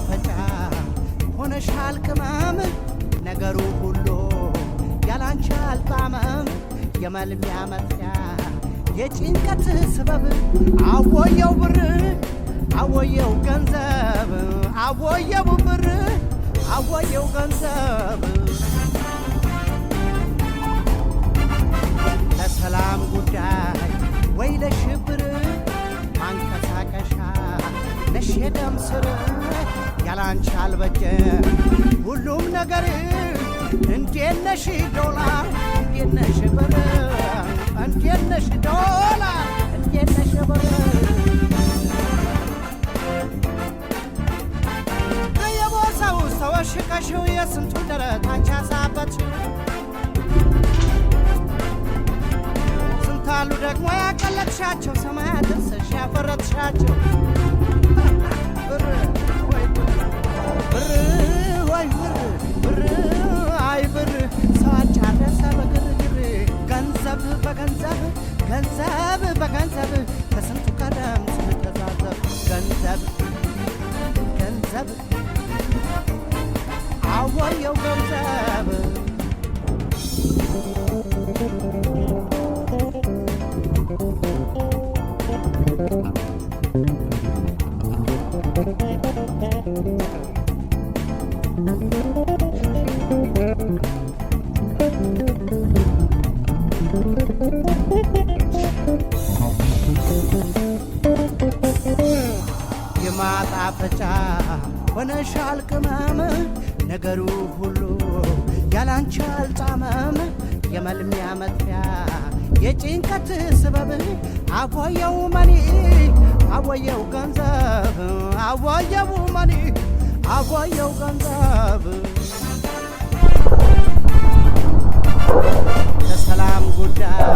ማጣፈጫ ሆነሻል ቅመም ነገሩ ሁሉ ያላንቺ አልጣመም የመልሚያ መጥያ የጭንቀት ስበብ አወየው ብር አወየው ገንዘብ አወየው ብር አወየው ገንዘብ ለሰላም ጉዳይ ወይ ለሽብር ማንቀሳቀሻ ነሽ የደም ስር ያላንቺ አልበጀ ሁሉም ነገር እንዴነሽ ነሽ ዶላር እንዴት ነሽ ብር እንዴነሽ ነሽ ዶላር እንዴት ብር በየቦታው ሰዎች ሽቀሽው የስንቱ ደረት አንቺ አሳበች ስንታሉ ደግሞ ያቀለጥሻቸው ሰማያትን ስሽ ያፈረጥሻቸው ገንዘብ በገንዘብ ከስንቱ ቀደም ስንተዛዘብ ገንዘብ ገንዘብ አወየው ገንዘብ Thank you. የማጣፈጫ ሆነሻል ቅመም ነገሩ ሁሉ ያላንቺ አልጣመም የመልሚያ መጥፊያ የጭንቀት ስበብ አወየው መኒ አወየው ገንዘብ አወየው መኒ አወየው ገንዘብ ለሰላም ጉዳይ